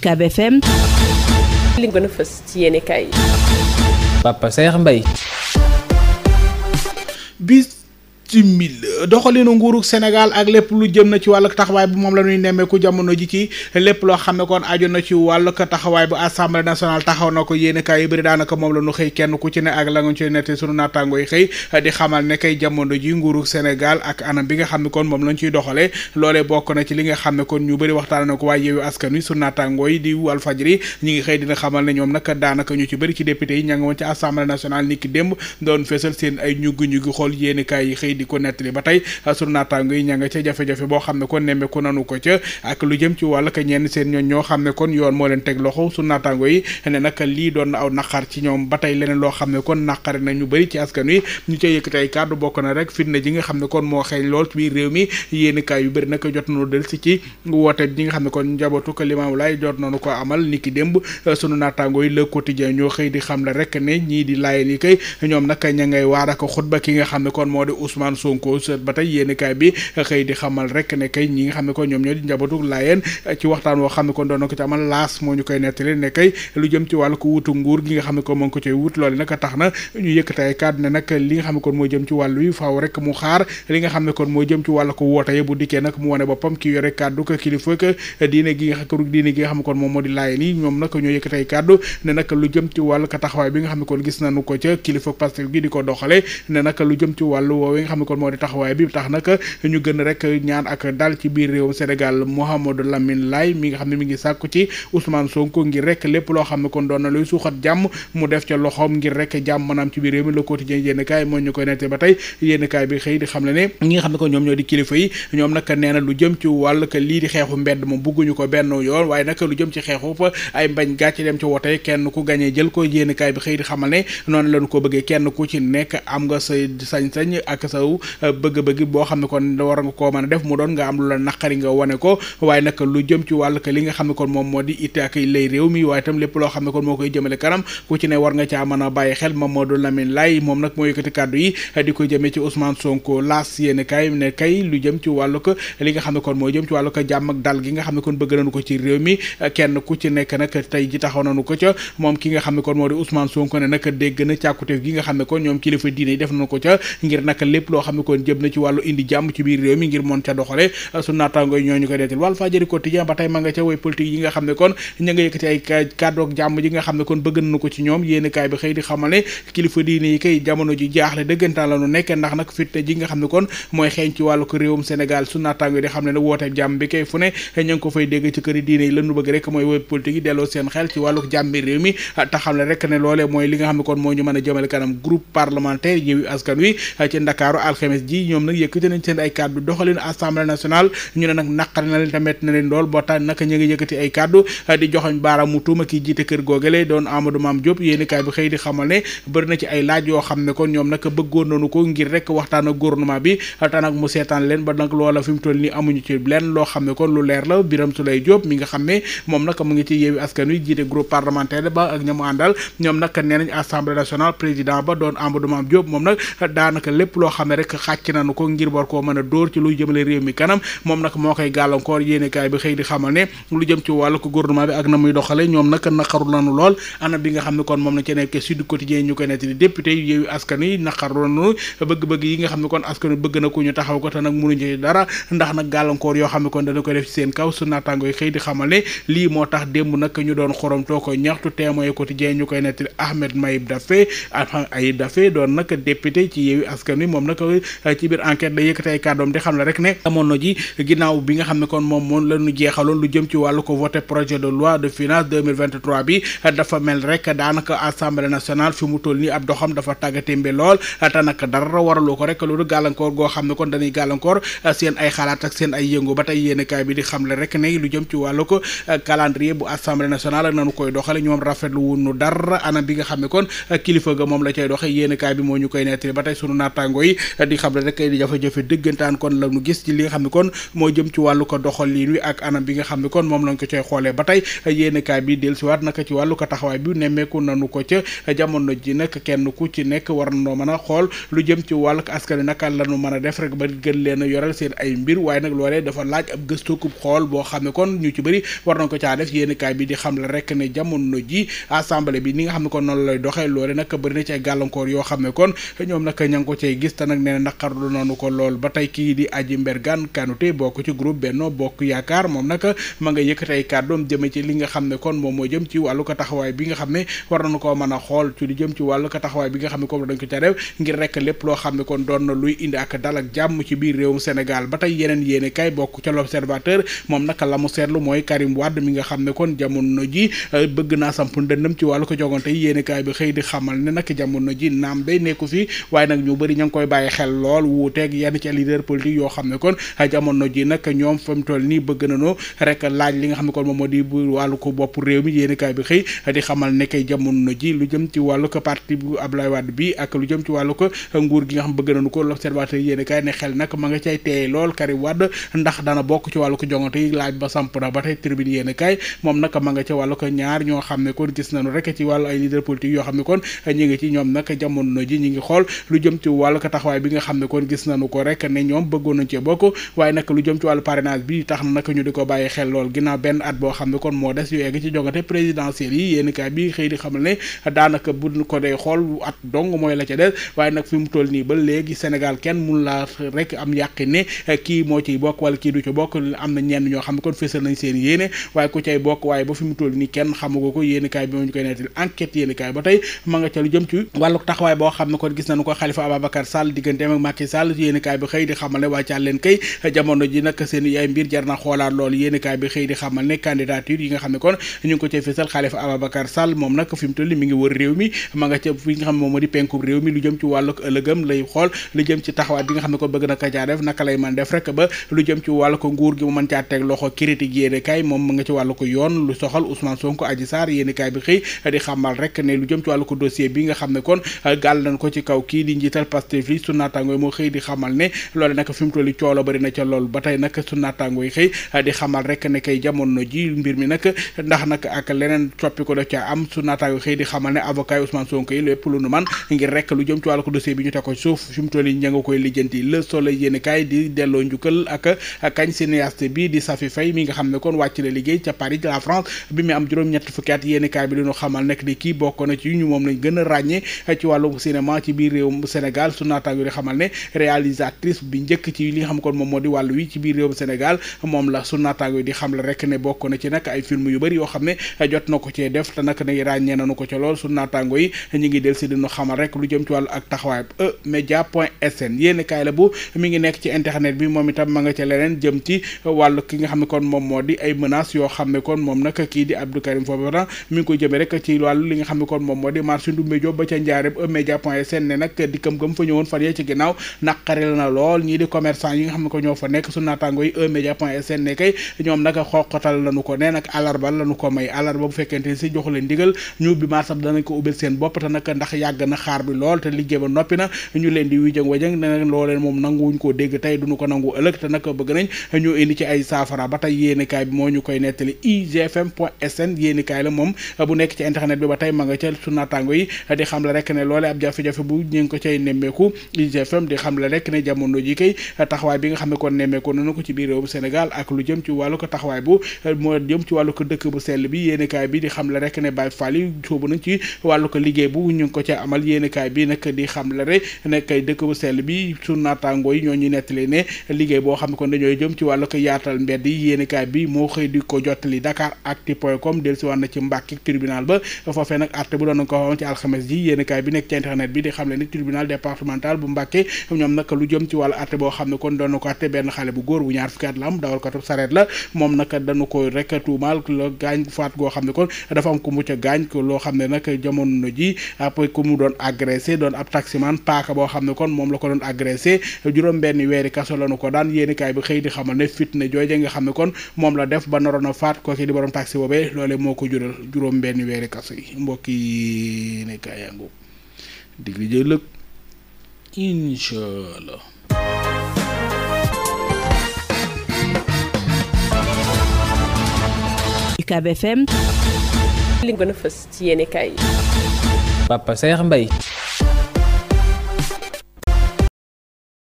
ci Ucab FM. li gën a fës ci yéenekaay yi. Papa Saer Mbaye. bis. huit mille doxalinu nguurug Sénégal ak lépp lu jëm na ci wàllug taxawaay bi moom la ñuy nemmeeku jamono ji ci lépp loo xam ne kon aju na ci wàllug taxawaay bu assemblée nationale taxaw na ko yéen kaay yu bëri daanaka moom la xëy kenn ku ci ne ak la nga ci nette sunu naataango yi xëy di xamal ne kay jamono bi nga xam ne kon moom lañ ciy doxalee loolee bokk na ci li nga xam ne kon ñu bëri waxtaan na ko waaye yeewu askan wi sunu naataango yi di Walfadjri ñoom nag daanaka ñu ci bëri ci député yi ña nga woon ci assemblée nationale ni ki démb doon feesal seen ay ñuggi ñuggi xool yéen yi xëy di ko nettali ba tey ah, sunu naataango yi ña nga ca jafe-jafe boo xam ne kon nemmeeku nanu ko ca ak lu jëm ci wàll ka ñenn seen ñoon ñoo xam ne kon na aw ba tey leneen loo xam ne na ñu bëri ci askan wi ñu moo xeeñ lool ci biir réew mi yéeni kaay yu bëri nag jot nañu del si ci woote bi nga xam ne kon njabootu ko limaamu laay jot nañu ko amal niki démb ah, sunu naataango yi le quotidien ñoo xëy di xam la rek ne ñii di laayeen yi kay ñoom nag ña ngay waar ak xutba ki nga xam ne kon moo di Ousmane Ousmane Sonko ba tey yéenekaay bi xëy di xamal rek ne kay ñi nga xam ne ko ñoom ñoo di njabootu Laayeen ci waxtaan woo xam ne kon doxale ne nag lu jëm ci wàllu woowe nga xam ne kon moo di taxawaay bi tax nag ñu gën rek ñaan ak dal ci biir réewum Sénégal Mouhamadou Lamine Laye mi nga xam ne mi ngi sàkku ci Ousmane Sonko ngir rek lépp loo xam ne ko doon na luy suuxat jàmm mu def ca loxoom ngir rek jàmm maanaam ci ba tey yéen kaay bi xëy di xam le ne ñi nga xam ne kon ñoom ñoo di lu jëm ci wàll que lii di xeexu mbedd moom bugguñu ko benn yoon waaye nag lu jëm ci xeexu fa ay mbañ gàcce dem ci wote kenn ku gañee jël ko yéen kaay bi xëy di xamal ne noonu lañu ko bëggee kenn ku ci nekk am nga sa sañ-sañ ak sa saw euh, bëgg-bëgg boo xam ne kon war nga koo mën a def mu doon nga am lu la naqari nga wane ko waaye nag lu jëm ci wàllu li nga xam ne kon moom moo di itte réew mi waaye itam lépp loo xam ne kon moo koy jëmale kanam ku ci ne war nga caa mën a bàyyi xel Mamadou Lamine Laye moom nag moo yëkkati kàddu yi euh, di ko jëmee ci Ousmane Sonko laas yéen kay ne kay lu jëm ci wàllu ko li nga xam ne kon moo jëm ci wàllu ko jàmm ak dal gi nga xam ne kon bëgg nañu ko ci réew mi euh, kenn ku ci nekk nag tey ji taxaw nañu ko ca moom ki nga xam ne kon moo di Ousmane Sonko ne nag dégg na càkkuteef gi nga xam ne kon ñoom kilifa diine yi def nañu ko ca ngir nag lépp loo xam ne kon jëm na ci wàllu indi jàmm ci biir réew mi ngir mën ca doxale su naataango yi ñooñu koy deetal wàllu ko ci ñoom yéeni kaay bi di ji jaaxle dëggantaan la nu nekk ndax nag fitna ji xam ne kon mooy xeeñ ci wàllu ko réewum Sénégal su naataango yi di xam ne ne woote jàmm bi kay fu ne ña ngi ko fay dégg ci këri diine yi lanu bëgg rek mooy way politique yi delloo seen xel ci wàllu jàmm bi réew mi te xam ne rek ne loolee mooy li nga xam ne kon moo ñu mën a jëmale kanam groupe parlementaire Yewwi Askan Wi ci Ndakaaru alxames ji ñoom nag yëkkati nañ seen ay kàddu doxalinu assemblée nationale ñu ne nag naqar na leen tamit na leen lool boo tax naka ñu ngi yëkkati ay kàddu eh, di joxoñ baaraamu tuuma kii jiite kër googale doon Amadou Mame Diop yéeni kaay bi xëy di xamal ne bëri na ci ay laaj yoo xam ne kon ñoom nag bëggoon nañu ko ngir rek waxtaan ak gouvernement bi te nag mu seetaan leen ba nag loola fi mu toll nii amuñu ci loo xam ne kon lu leer la Birame Souleye Diop mi nga xam ne moom nag mu ngi ci yeewi askan wi jiite groupe parlementaire ba ak ñamu àndal ñoom nag nee nañ assemblée nationale président ba doon Amadou Mame Diop moom nag daanaka lépp loo xam ne rek xàcc nañu ko ngir war koo mën a dóor ci luy jëmale réew mi kanam moom nag moo koy gàllankoor yéenekaay bi xëy di xamal ne lu jëm ci wàllu ko gouvernement bi ak na muy doxale ñoom nag naqaru nañu lool anam bi nga xam ne kon moom la ci nekk Sud Quotidien ñu koy nekk di député yu yeewu askan yi naqaru bëgg-bëgg yi nga xam ne kon askan bëgg na ko ñu taxaw ko te nag mënuñu dara ndax nag gàllankoor yoo xam ne kon dana ko def ci seen kaw su naataango di xamal ne lii moo tax démb nag ñu doon xorom too ko ñaxtu témoin quotidien ñu koy nettali Ahmed Mayib Daffé Ahmed Ayib Daffé doon nag député ci yeewu askan wi moom nag observateur eh, ci biir enquête da yëkkati ay kàddoom di xam ne rek ne amoon ji ginnaaw bi nga xam ne kon moom moom la ñu jeexaloon lu jëm ci wàllu ko projet de loi de finance 2023 bi eh, dafa mel rek daanaka assemblée nationale fi mu toll nii ab doxam dafa tàggatémbe lool eh, te nag dara waraloo ko rek loolu gàllankoor goo xam ne kon dañuy gàllankoor seen ay xalaat ak seen ay yëngu ba tey yéenekaay bi di xam le rek ne lu jëm ci wàllu ko calendrier bu assemblée nationale ak nanu koy doxale ñoom rafetlu wunu dara anam bi nga xam ne kon kilifa ga moom la cay doxe yéenekaay bi moo ñu koy nettali ba tey sunu naataango yi di xam ne rek di jafe dëggantaan kon la ñu gis ci li nga xam ne kon moo jëm ci wàllu ko doxalin wi ak anam bi nga xam ne kon moom lañ ko cay xoolee ba tey yéenekaay bi dellusiwaat naka ci wàllu ko taxawaay bi nemmeeku nanu ko jamono ji nag kenn ku ci nekk war noo mën a xool lu jëm ci wàllu askan wi naka la ñu mën a def rek ba gën leen a yoral seen ay mbir waaye nag loolee dafa laaj ab gëstukub xool boo xam ne kon ñu ci bëri war nañ ko caa def yéenekaay bi di xam la rek ne jamono ji assemblée bi ni nga xam ne kon noonu lay doxee loole nag bëri na ci ay gàllankoor yoo xam ne kon ñoom nag ña ngi ko cay gis te nag nee na naqarlu noonu ko lool ba tey kii di Aji Mbergane Kanouté bokk ci groupe Benno Bokk Yaakaar moom nag ma nga yëkkati ay kàddoom jëme ci li nga xam ne kon moom moo jëm ci wàllu ko bi nga xam ne war nañu koo mën a xool ci li jëm ci wàllu ko bi nga xam ne comme ko ca réew ngir rek loo xam ne kon doon na luy indi ak dal ak jàmm ci biir réewum Sénégal ba tey yeneen yéene kay bokk ca l'Observateur moom naka la mu seetlu mooy Karim Wade mi nga xam ne kon jamono ji euh, bëgg naa samp ndëndam ci wàllu ko jogante yi yéene bi xëy di xamal ne nag jamono ji naam day nekku fii waaye nag ñu bëri ña koy bàyyi bàyyi xel lool yoo xam ne kon jamono ji nag ñoom fa mu toll nii bëgg nañoo rek laaj li nga xam ne kon moom moo di wàllu ko bopp réew mi yéen kaay bi xëy di xamal ne kay jamono ci wàllu ko bu Abdoulaye Wade bi ak lu jëm wàllu ko nguur gi nga xam bëgg nañu ko l'observateur yéen kaay ne xel nag ma nga cay teey lool Karim Wade ndax dana bokk ci wàllu ko jongante yi laaj ba samp na ba tey tribune yéen kaay moom nag ma nga ca wàllu ko ñaar ñoo xam ne kon gis nañu rek ci wàllu ay leader politique yoo xam ne kon ñi ngi ci ñoom nag jamono ji ñu ngi xool lu jëm ci wàllu ko taxaw taxawaay bi ne kon gis nañu ko rek ne ñoom bëggoon nañ cee bokk waaye nag lu jëm ci wàllu parrainage bi tax na nag ñu di ko bàyyi xel lool ginnaaw benn at la ca des waaye nag fi mu toll nii ba léegi Sénégal kenn mun laa rek am yàqi ne eh, kii moo ciy bokk wala kii du ci bokk am na ñenn ñoo xam ne kon fésal nañ seen yéene waaye ku ba fi mu toll nii kenn xamugo ko yéeni kaay bi moo ñu koy nettal enquête yéeni ba tey ma nga ca lu jëm ci wàllu taxawaay boo xam ne kon gis nañu ko Khalifa Ababacar Sall digganteem ak Macky Sall yéenekaay bi ci wàlluk ëllëgam bi xëy di xamal rek ne lu jëm ci wàllu ko dossier bi nga xam kon gàll ko ci kaw kii di njiital Pastef su naataangooy moo xëy di xamal ne loole nag fi mu coolo bari na ca lool ba tey nag su naataangooy xëy di xamal rek ne jamono ji mbir mi nag ndax nag ak leneen coppi ko da ca am su naataangooy xëy di xamal ne avocat yi Ousmane Sonko yi lépp lu nu man ngir bi ñu teg ko suuf fi mu toll ña nga koy lijjanti Le Soleil yéeni kaay di delloo njukkal ak kañ cinéaste bi di Safi Faye mi nga kon wàcc la liggéey ca Paris la France bi mu am juróom-ñett fukki at bi lu nu xamal nekk di kii bokk na ci ñu moom lañ gën a ràññee ci wàllu cinéma ci biir réewum Sénégal su bi di xamal ne réalisatrice bi njëkk ci li nga xam kon moom moo di wi ci biir réew Sénégal moom la su yi di xam la rek ne bokk na ci nag ay film yu bëri yoo xam ne jot kii di Abdou Karim Fofana mi ngi koy jëmee rek ci wàllu li nga xam kon moom moo di marché Ndoumbé ba ca njaareem e point sn ne nag dikkam gëm fa ñëwoon fan fële ci ginnaaw naqaril na lool ñii di commerçant yi nga xam ne ko ñoo fa nekk su naataango yi eMedia point sn nekkay ñoom nag xoqatal lañu ko nee nag alarba lañu ko may alarba bu fekkente si joxu leen ndigal ñu ubbi marché bi danañ seen bopp te nag ndax yàgg na xaar bi lool te liggéey ba noppi na ñu leen di wijëng wajëng ne nag looleen moom nanguwuñ ko dégg tey duñu ko nangu ëllëg te nag bëgg nañ ñu indi ci ay saafara ba tey yéenekaay bi moo ñu koy nettali igfm point sn yéenekaay la moom bu nekk ci internet bi ba tey ma nga ca su naataango yi di xam ne loole ab jafe ko cay nemmeeku IGFM di xam la rek ne jamono ji kay taxawaay bi nga xam ne kon nemmeeku nañu ko ci biir réewum Sénégal ak lu jëm ci wàllu ko taxawaay bu moo jëm ci wàllu ko bi di xam la rek ne Baye Fall yi sóobu nañ ci wàllu ko liggéey bu ñu ngi ko ca amal yéenekaay bi nag di xam la rek ne kay dëkk bu sell bi su naataangoo yi ñoo ñu nettali ne liggéey boo xam ne kon dañooy ci wàllu tribunal ba foofee nag àtte bu doon ko waxoon ci alxames ji yéenekaay bi nekk ci internet bi di xam le ne tribunal départemental bu Mbacke ñoom nag lu jëm ci wàllu àtte boo xam ne kon doon na ko àtte benn xale bu góor bu ñaar fukki la am dawalkatu moom nag dañu ko rek tuumaal la gaañ faat goo xam ne kon dafa am ku mucc gaañ ko loo xam ne nag jamono ji après ku mu doon agressé doon ab taximan paaka boo xam ne kon moom la ko doon agressé juróom benn weeri kaso la nu ko daan yéenikaay bi xëy di xamal ne fitna jooje nga xam ne kon moom la def ba naroon a faat kooki di borom taxi boobee loolee moo ko jural juróom benn weeri kaso yi mbokk yi nekk ay àngu digli incha allah. UCAB FM. li gën a fës ci yéen kay. Papa Saer Mbaye.